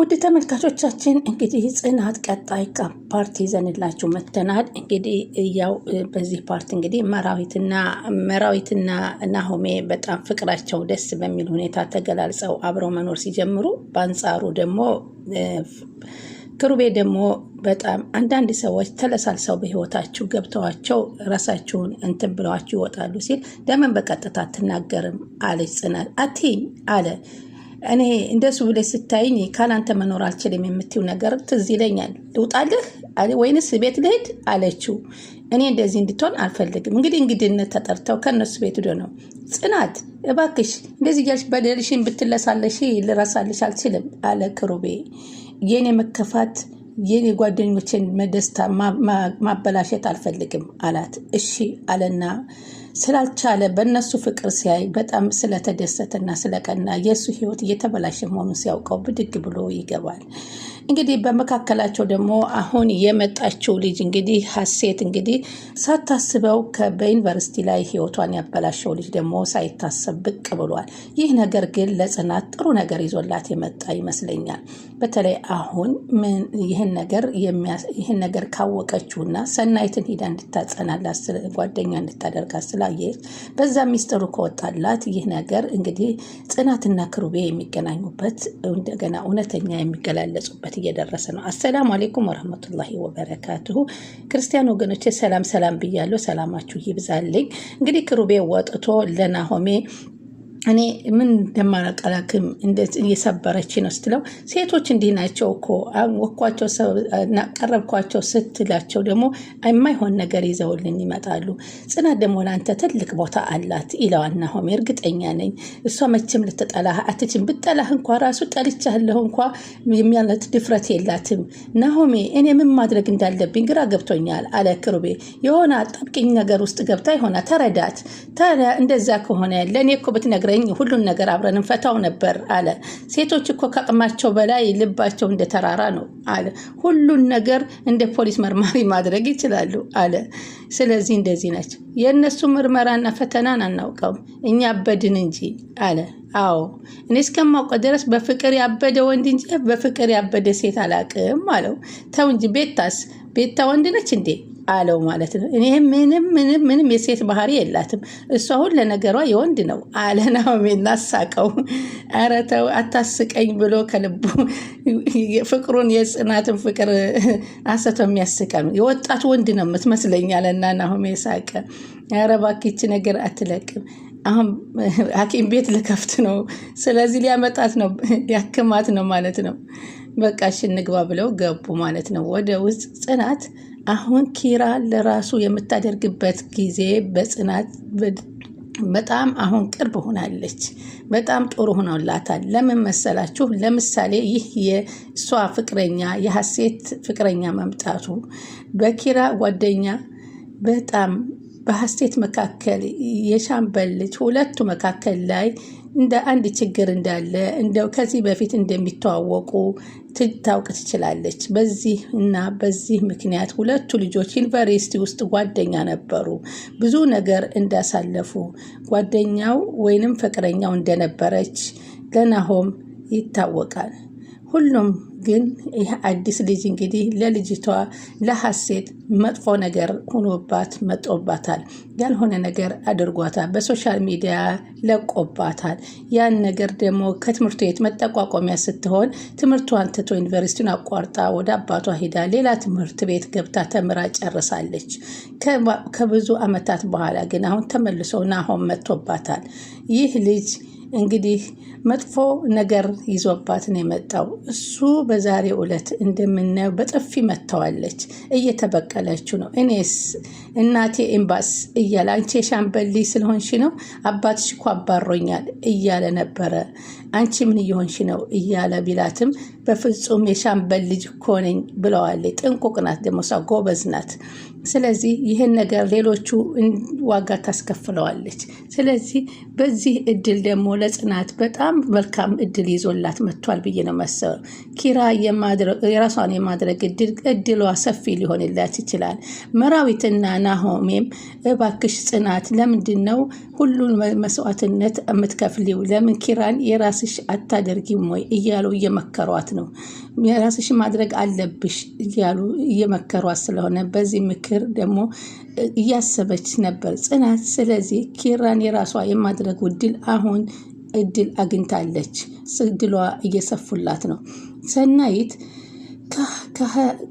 ውድ ተመልካቾቻችን እንግዲህ ጽናት ቀጣይ ፓርት ይዘንላችሁ መተናል። እንግዲህ ያው በዚህ ፓርት እንግዲህ መራዊትና መራዊትና ናሆሜ በጣም ፍቅራቸው ደስ በሚል ሁኔታ ተገላልጸው አብረው መኖር ሲጀምሩ፣ በአንጻሩ ደግሞ ክሩቤ ደግሞ በጣም አንዳንድ ሰዎች ተለሳልሰው በህይወታችሁ ገብተዋቸው ራሳችሁን እንትን ብለዋችሁ ይወጣሉ ሲል ለምን በቀጥታ አትናገርም አለች ጽናት። አቲኝ አለ እኔ እንደሱ ብለሽ ስታይኝ ካላንተ መኖር አልችልም የምትይው ነገር ትዝ ይለኛል። ልውጣልህ ወይንስ ቤት ልሄድ አለችው። እኔ እንደዚህ እንድትሆን አልፈልግም። እንግዲህ እንግድነት ተጠርተው ከእነሱ ቤት ዶ ነው ጽናት፣ እባክሽ እንደዚህ እያልሽ በደልሽን ብትለሳለሽ ልረሳልሽ አልችልም አለ ክሩቤ የኔ መከፋት የጓደኞቼን ደስታ ማበላሸት አልፈልግም አላት። እሺ አለና ስላልቻለ በእነሱ ፍቅር ሲያይ በጣም ስለተደሰተና ስለቀና የእሱ ህይወት እየተበላሸ መሆኑን ሲያውቀው ብድግ ብሎ ይገባል። እንግዲህ በመካከላቸው ደግሞ አሁን የመጣችው ልጅ እንግዲህ ሀሴት እንግዲህ ሳታስበው በዩኒቨርሲቲ ላይ ህይወቷን ያበላሸው ልጅ ደግሞ ሳይታሰብ ብቅ ብሏል። ይህ ነገር ግን ለጽናት ጥሩ ነገር ይዞላት የመጣ ይመስለኛል። በተለይ አሁን ይህን ነገር ይህን ነገር ካወቀችውና ሰናይትን ሂዳ እንድታጸናላት ጓደኛ እንድታደርጋት ስላየች በዛ ሚስጥሩ ከወጣላት ይህ ነገር እንግዲህ ጽናትና ክሩቤ የሚገናኙበት እንደገና እውነተኛ የሚገላለጹበት እየደረሰ ነው። አሰላሙ አሌይኩም ወረህመቱላሂ ወበረካትሁ። ክርስቲያን ወገኖቼ ሰላም ሰላም ብያለሁ። ሰላማችሁ ይብዛልኝ። እንግዲህ ክሩቤ ወጥቶ ለናሆሜ እኔ ምን እንደማላውቅ አላውቅም። እየሰበረች ነው ስትለው ሴቶች እንዲህ ናቸው እኮ ወኳቸው ቀረብኳቸው ስትላቸው ደግሞ የማይሆን ነገር ይዘውልን ይመጣሉ። ጽናት ደግሞ ለአንተ ትልቅ ቦታ አላት ይለዋል ናሆሜ። እርግጠኛ ነኝ እሷ መቼም ልትጠላህ አትችም። ብጠላህ እንኳ ራሱ ጠልቻለሁ እንኳ የሚያለት ድፍረት የላትም። ናሆሜ እኔ ምን ማድረግ እንዳለብኝ ግራ ገብቶኛል አለ ክሩቤ። የሆነ አጣብቂኝ ነገር ውስጥ ገብታ የሆነ ተረዳት። እንደዛ ከሆነ ለእኔ እኮ ብትነግረኝ ብትነግረኝ ሁሉን ነገር አብረን እንፈታው ነበር አለ። ሴቶች እኮ ከአቅማቸው በላይ ልባቸው እንደ ተራራ ነው አለ። ሁሉን ነገር እንደ ፖሊስ መርማሪ ማድረግ ይችላሉ አለ። ስለዚህ እንደዚህ ናቸው። የእነሱ ምርመራና ፈተናን አናውቀውም፣ እኛ አበድን እንጂ አለ። አዎ እኔ እስከማውቀ ድረስ በፍቅር ያበደ ወንድ እንጂ በፍቅር ያበደ ሴት አላቅም አለው። ተው እንጂ ቤታስ፣ ቤታ ወንድ ነች እንዴ አለው ማለት ነው። እኔ ምንም ምንም ምንም የሴት ባህሪ የላትም እሷ አሁን ለነገሯ የወንድ ነው አለ ናሆሜ። እናሳቀው ኧረ ተው አታስቀኝ ብሎ ከልቡ ፍቅሩን የጽናትን ፍቅር አሰቶ የሚያስቀም የወጣት ወንድ ነው የምትመስለኝ አለና ናሆሜ ሳቀ። ኧረ ባኪች ነገር አትለቅም አሁን ሐኪም ቤት ልከፍት ነው። ስለዚህ ሊያመጣት ነው ሊያክማት ነው ማለት ነው። በቃ እሺ እንግባ ብለው ገቡ ማለት ነው ወደ ውስጥ ጽናት አሁን ኪራ ለራሱ የምታደርግበት ጊዜ በጽናት በጣም አሁን ቅርብ ሆናለች። በጣም ጥሩ ሆኖላታል። ለምን መሰላችሁ? ለምሳሌ ይህ የእሷ ፍቅረኛ የሀሴት ፍቅረኛ መምጣቱ በኪራ ጓደኛ በጣም በሀሴት መካከል የሻምበል ልጅ ሁለቱ መካከል ላይ እንደ አንድ ችግር እንዳለ እንደው ከዚህ በፊት እንደሚተዋወቁ ታውቅ ትችላለች። በዚህ እና በዚህ ምክንያት ሁለቱ ልጆች ዩኒቨርሲቲ ውስጥ ጓደኛ ነበሩ። ብዙ ነገር እንዳሳለፉ ጓደኛው ወይንም ፍቅረኛው እንደነበረች ለናሆም ይታወቃል። ሁሉም ግን ይህ አዲስ ልጅ እንግዲህ ለልጅቷ ለሀሴት መጥፎ ነገር ሆኖባት መጦባታል። ያልሆነ ነገር አድርጓታል። በሶሻል ሚዲያ ለቆባታል። ያን ነገር ደግሞ ከትምህርት ቤት መጠቋቋሚያ ስትሆን ትምህርቷን ትቶ ዩኒቨርሲቲውን አቋርጣ ወደ አባቷ ሄዳ ሌላ ትምህርት ቤት ገብታ ተምራ ጨርሳለች። ከብዙ ዓመታት በኋላ ግን አሁን ተመልሶ ናሆም መጥቶባታል። ይህ ልጅ እንግዲህ መጥፎ ነገር ይዞባት ነው የመጣው። እሱ በዛሬ ዕለት እንደምናየው በጥፊ መጥተዋለች፣ እየተበቀለችው ነው። እኔስ እናቴ ኤምባስ እያለ አንቺ የሻምበሊ ስለሆንሽ ነው አባትሽ እኮ አባሮኛል እያለ ነበረ። አንቺ ምን እየሆንሽ ነው እያለ ቢላትም በፍጹም የሻምበል ልጅ እኮ ነኝ ብለዋለች። ጥንቁቅ ናት ደግሞ እሷ ጎበዝ ናት። ስለዚህ ይህን ነገር ሌሎቹ ዋጋ ታስከፍለዋለች። ስለዚህ በዚህ እድል ደግሞ ለጽናት በጣም በጣም መልካም እድል ይዞላት መጥቷል ብዬ ነው መሰብ። ኪራ የራሷን የማድረግ እድሏ ሰፊ ሊሆንላት ይችላል። መራዊትና ናሆሜም እባክሽ ጽናት፣ ለምንድን ነው ሁሉን መስዋዕትነት የምትከፍሊው? ለምን ኪራን የራስሽ አታደርጊም ወይ እያሉ እየመከሯት ነው። የራስሽ ማድረግ አለብሽ እያሉ እየመከሯት ስለሆነ በዚህ ምክር ደግሞ እያሰበች ነበር ጽናት። ስለዚህ ኪራን የራሷ የማድረግ ውድል አሁን እድል አግኝታለች። እድሏ እየሰፉላት ነው። ሰናይት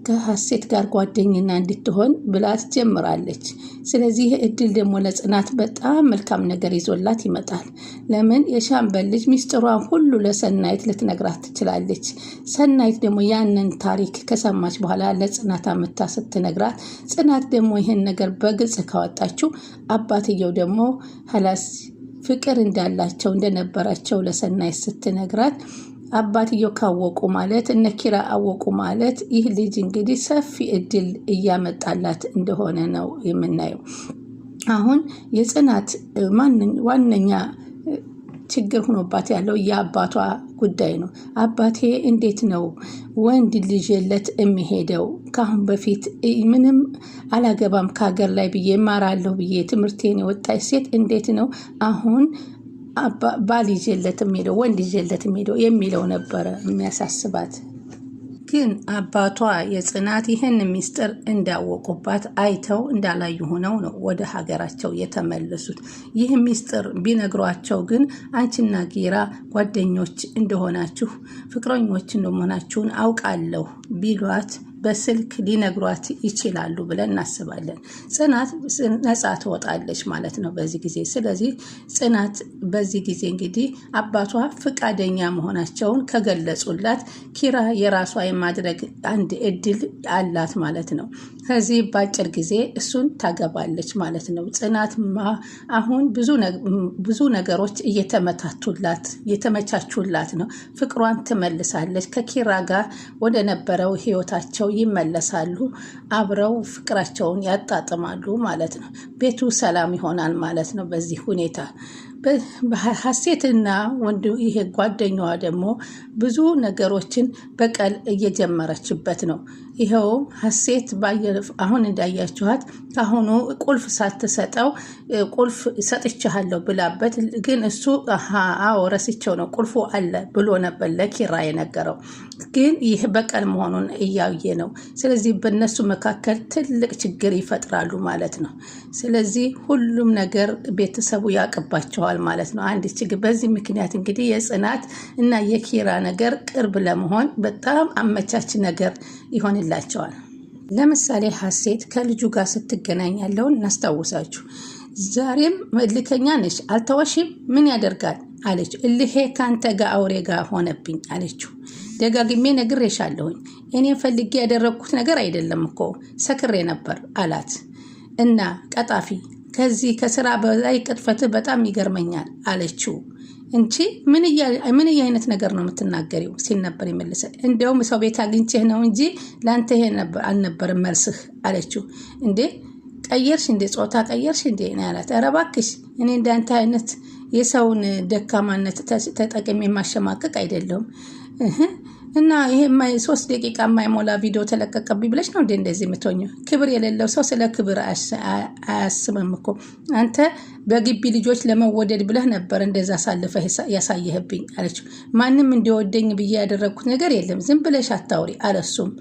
ከሀሴት ጋር ጓደኝና እንድትሆን ብላ ትጀምራለች። ስለዚህ እድል ደግሞ ለጽናት በጣም መልካም ነገር ይዞላት ይመጣል። ለምን የሻምበል ልጅ ሚስጥሯን ሁሉ ለሰናይት ልትነግራት ትችላለች። ሰናይት ደግሞ ያንን ታሪክ ከሰማች በኋላ ለጽናት አመታ ስትነግራት፣ ጽናት ደግሞ ይህን ነገር በግልጽ ካወጣችው አባትየው ደግሞ ሀላስ ፍቅር እንዳላቸው እንደነበራቸው ለሰናይ ስትነግራት አባትየው ካወቁ ማለት እነ ኪራ አወቁ ማለት ይህ ልጅ እንግዲህ ሰፊ እድል እያመጣላት እንደሆነ ነው የምናየው። አሁን የጽናት ዋነኛ ችግር ሆኖባት ያለው የአባቷ ጉዳይ ነው። አባቴ እንዴት ነው ወንድ ልጅ የለት የሚሄደው? ከአሁን በፊት ምንም አላገባም ከሀገር ላይ ብዬ እማራለሁ ብዬ ትምህርቴን የወጣች ሴት እንዴት ነው አሁን ባል ይዤለት የሚሄደው ወንድ ይዤለት የሚሄደው የሚለው ነበረ የሚያሳስባት። ግን አባቷ የጽናት ይህን ሚስጥር እንዳወቁባት አይተው እንዳላዩ ሆነው ነው ወደ ሀገራቸው የተመለሱት። ይህ ሚስጥር ቢነግሯቸው ግን አንቺና ጌራ ጓደኞች እንደሆናችሁ፣ ፍቅረኞች እንደመሆናችሁን አውቃለሁ ቢሏት በስልክ ሊነግሯት ይችላሉ ብለን እናስባለን። ጽናት ነፃ ትወጣለች ማለት ነው በዚህ ጊዜ። ስለዚህ ጽናት በዚህ ጊዜ እንግዲህ አባቷ ፈቃደኛ መሆናቸውን ከገለጹላት ኪራ የራሷ የማድረግ አንድ እድል አላት ማለት ነው። ከዚህ በአጭር ጊዜ እሱን ታገባለች ማለት ነው። ጽናት አሁን ብዙ ነገሮች እየተመታቱላት እየተመቻቹላት ነው። ፍቅሯን ትመልሳለች ከኪራ ጋር ወደ ነበረው ህይወታቸው ይመለሳሉ፣ አብረው ፍቅራቸውን ያጣጥማሉ ማለት ነው። ቤቱ ሰላም ይሆናል ማለት ነው። በዚህ ሁኔታ ሀሴትና ወንድ ይሄ ጓደኛዋ ደግሞ ብዙ ነገሮችን በቀል እየጀመረችበት ነው። ይኸውም ሀሴት አሁን እንዳያችኋት ከአሁኑ ቁልፍ ሳትሰጠው ቁልፍ ሰጥቻሃለሁ ብላበት፣ ግን እሱ አዎ ረስቸው ነው ቁልፉ አለ ብሎ ነበር ለኪራ የነገረው። ግን ይህ በቀል መሆኑን እያየ ነው። ስለዚህ በነሱ መካከል ትልቅ ችግር ይፈጥራሉ ማለት ነው። ስለዚህ ሁሉም ነገር ቤተሰቡ ያቅባቸዋል ማለት ነው። አንድ ችግር በዚህ ምክንያት እንግዲህ የጽናት እና የኪራ ነገር ቅርብ ለመሆን በጣም አመቻች ነገር ይሆንል ይደርስላቸዋል። ለምሳሌ ሀሴት ከልጁ ጋር ስትገናኝ ያለውን እናስታውሳችሁ። ዛሬም እልከኛ ነች አልተወሽም፣ ምን ያደርጋል አለች። እልሄ ከአንተ ጋር አውሬ ጋር ሆነብኝ አለችው። ደጋግሜ ነግሬሻለሁኝ፣ እኔም ፈልጌ ያደረግኩት ነገር አይደለም እኮ ሰክሬ ነበር አላት። እና ቀጣፊ፣ ከዚህ ከስራ በላይ ቅጥፈትህ በጣም ይገርመኛል አለችው። እንቺ ምን አይነት ነገር ነው የምትናገሪው? ሲል ነበር የመለሰ። እንዲያውም ሰው ቤት አግኝቼህ ነው እንጂ ለአንተ ይሄ አልነበርም መልስህ አለችው። እንዴ ቀየርሽ እንዴ ጾታ ቀየርሽ እንዴ ነው ያላት። ኧረ እባክሽ እኔ እንዳንተ አይነት የሰውን ደካማነት ተጠቅሜ ማሸማቀቅ አይደለሁም እና ይሄ ሶስት ደቂቃ የማይሞላ ቪዲዮ ተለቀቀብኝ ብለሽ ነው እንዴ እንደዚህ የምትሆኝ? ክብር የሌለው ሰው ስለ ክብር አያስብም እኮ። አንተ በግቢ ልጆች ለመወደድ ብለህ ነበር እንደዛ አሳልፈ ያሳየህብኝ አለች። ማንም እንዲወደኝ ብዬ ያደረግኩት ነገር የለም። ዝም ብለሽ አታውሪ አለሱም።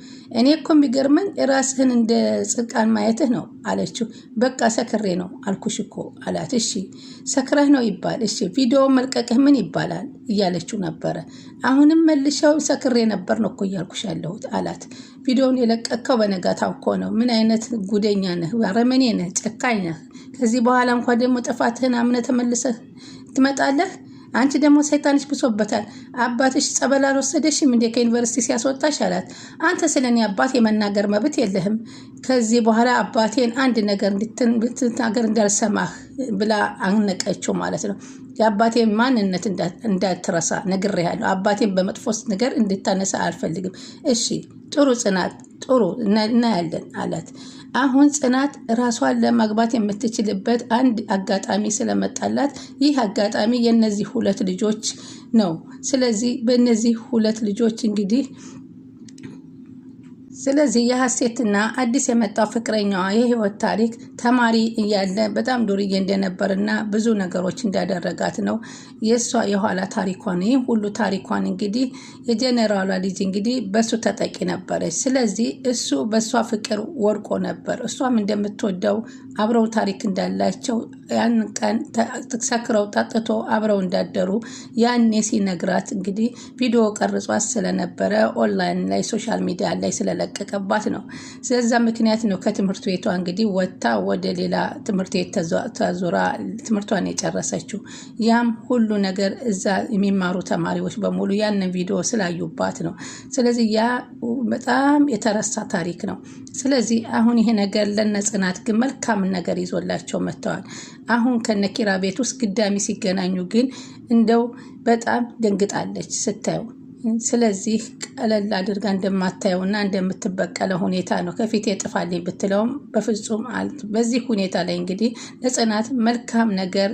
እኔ እኮ የሚገርመኝ ራስህን እንደ ጽድቃን ማየትህ ነው አለችው። በቃ ሰክሬ ነው አልኩሽ እኮ አላት። እሺ ሰክረህ ነው ይባል እሺ ቪዲዮ መልቀቅህ ምን ይባላል እያለችው ነበረ አሁንም መልሻው ሰክሬ ነበር ነው እኮ እያልኩሽ ያለሁት አላት። ቪዲዮውን የለቀቅከው በነጋታው እኮ ነው። ምን አይነት ጉደኛ ነህ፣ አረመኔ ነህ፣ ጨካኝ ነህ። ከዚህ በኋላ እንኳ ደግሞ ጥፋትህን አምነህ ተመልሰህ ትመጣለህ። አንቺ ደግሞ ሰይጣንሽ ብሶበታል። አባትሽ ጸበል አልወሰደሽም እንዴ ከዩኒቨርሲቲ ሲያስወጣሽ አላት። አንተ ስለ እኔ አባት የመናገር መብት የለህም። ከዚህ በኋላ አባቴን አንድ ነገር እንድትናገር እንዳልሰማህ ብላ አነቀችው ማለት ነው። የአባቴን ማንነት እንዳትረሳ ነግሬሃለሁ። አባቴን በመጥፎ ነገር እንድታነሳ አልፈልግም። እሺ ጥሩ ጽናት፣ ጥሩ እናያለን አላት። አሁን ጽናት ራሷን ለማግባት የምትችልበት አንድ አጋጣሚ ስለመጣላት ይህ አጋጣሚ የነዚህ ሁለት ልጆች ነው። ስለዚህ በእነዚህ ሁለት ልጆች እንግዲህ ስለዚህ የሀሴትና አዲስ የመጣው ፍቅረኛዋ የህይወት ታሪክ ተማሪ እያለ በጣም ዱርዬ እንደነበርና ብዙ ነገሮች እንዳደረጋት ነው የእሷ የኋላ ታሪኳን። ይህ ሁሉ ታሪኳን እንግዲህ የጀኔራሏ ልጅ እንግዲህ በሱ ተጠቂ ነበረች። ስለዚህ እሱ በእሷ ፍቅር ወድቆ ነበር። እሷም እንደምትወደው አብረው ታሪክ እንዳላቸው ያን ቀን ሰክረው ጠጥቶ አብረው እንዳደሩ ያኔ ሲነግራት እንግዲህ ቪዲዮ ቀርጿት ስለነበረ ኦንላይን ላይ ሶሻል ሚዲያ ላይ ስለለቀ እየተላቀቀባት ነው። ስለዛ ምክንያት ነው ከትምህርት ቤቷ እንግዲህ ወጥታ ወደ ሌላ ትምህርት ቤት ተዙራ ትምህርቷን የጨረሰችው። ያም ሁሉ ነገር እዛ የሚማሩ ተማሪዎች በሙሉ ያንን ቪዲዮ ስላዩባት ነው። ስለዚህ ያ በጣም የተረሳ ታሪክ ነው። ስለዚህ አሁን ይሄ ነገር ለነ ጽናት ግን መልካም ነገር ይዞላቸው መጥተዋል። አሁን ከነኪራ ቤት ውስጥ ግዳሚ ሲገናኙ ግን እንደው በጣም ደንግጣለች ስታየው ስለዚህ ቀለል አድርጋ እንደማታየውና እንደምትበቀለ ሁኔታ ነው። ከፊቴ ጥፋልኝ ብትለውም በፍጹም አልት በዚህ ሁኔታ ላይ እንግዲህ ለጽናት መልካም ነገር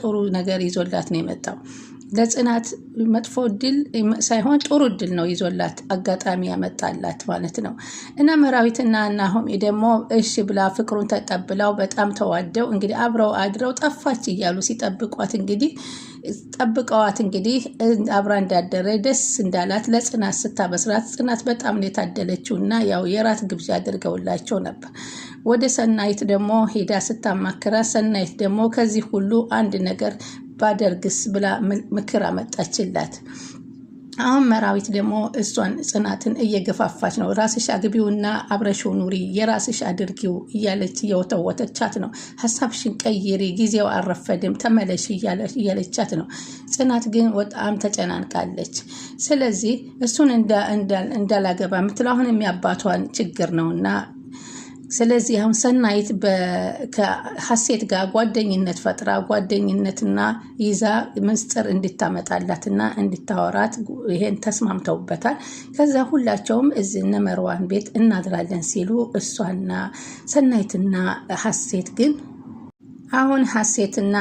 ጥሩ ነገር ይዞላት ነው የመጣው። ለጽናት መጥፎ እድል ሳይሆን ጥሩ እድል ነው ይዞላት አጋጣሚ ያመጣላት ማለት ነው። እና መራዊትና ናሆም ደግሞ እሺ ብላ ፍቅሩን ተቀብለው በጣም ተዋደው እንግዲህ አብረው አድረው ጠፋች እያሉ ሲጠብቋት እንግዲህ ጠብቀዋት እንግዲህ አብራ እንዳደረ ደስ እንዳላት ለጽናት ስታበስራት ጽናት በጣም ነው የታደለችው። እና ያው የራት ግብዣ አድርገውላቸው ነበር። ወደ ሰናይት ደግሞ ሄዳ ስታማክራት ሰናይት ደግሞ ከዚህ ሁሉ አንድ ነገር ባደርግስ ብላ ምክር አመጣችላት። አሁን መራዊት ደግሞ እሷን ጽናትን እየገፋፋች ነው። ራስሽ አግቢውና አብረሽው ኑሪ የራስሽ አድርጊው እያለች እየወተወተቻት ነው። ሀሳብሽን ቀይሪ፣ ጊዜው አረፈድም፣ ተመለሽ እያለቻት ነው። ጽናት ግን በጣም ተጨናንቃለች። ስለዚህ እሱን እንዳላገባ የምትለው አሁን የሚያባቷን ችግር ነውና ስለዚህ አሁን ሰናይት ከሀሴት ጋር ጓደኝነት ፈጥራ ጓደኝነትና ይዛ ምስጢር እንድታመጣላትና እንድታወራት ይሄን ተስማምተውበታል። ከዛ ሁላቸውም እዚህ እነ መርዋን ቤት እናድራለን ሲሉ እሷና ሰናይትና ሀሴት ግን አሁን ሀሴትና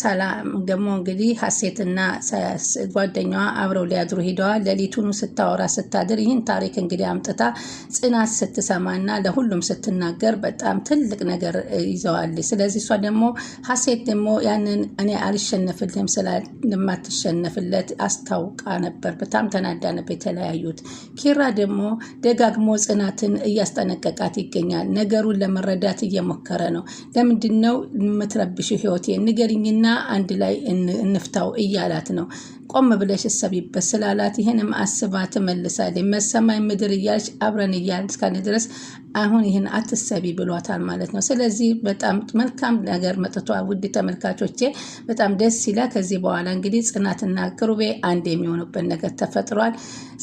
ሰላም ደግሞ እንግዲህ ሀሴትና ጓደኛዋ አብረው ሊያድሩ ሂደዋል። ሌሊቱኑ ስታወራ ስታድር ይህን ታሪክ እንግዲህ አምጥታ ጽናት ስትሰማና ለሁሉም ስትናገር በጣም ትልቅ ነገር ይዘዋል። ስለዚህ እሷ ደግሞ ሀሴት ደግሞ ያንን እኔ አልሸነፍልህም ስለማትሸነፍለት አስታውቃ ነበር። በጣም ተናዳ ነበር የተለያዩት። ኪራ ደግሞ ደጋግሞ ጽናትን እያስጠነቀቃት ይገኛል። ነገሩን ለመረዳት እየሞከረ ነው። ለምንድን ነው የምትረብሽ ህይወቴ ንገሪኝና አንድ ላይ እንፍታው እያላት ነው። ቆም ብለሽ እሰቢበት ስላላት ይህንም አስባ ትመልሳለች። መሰማይ ምድር እያልሽ አብረን እያልን እስካለ ድረስ አሁን ይህን አትሰቢ ብሏታል ማለት ነው። ስለዚህ በጣም መልካም ነገር መጥቷ። ውድ ተመልካቾቼ በጣም ደስ ይላል። ከዚህ በኋላ እንግዲህ ጽናትና ክሩቤ አንድ የሚሆኑበት ነገር ተፈጥሯል።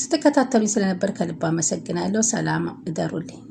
ስትከታተሉኝ ስለነበር ከልብ አመሰግናለሁ። ሰላም እደሩልኝ።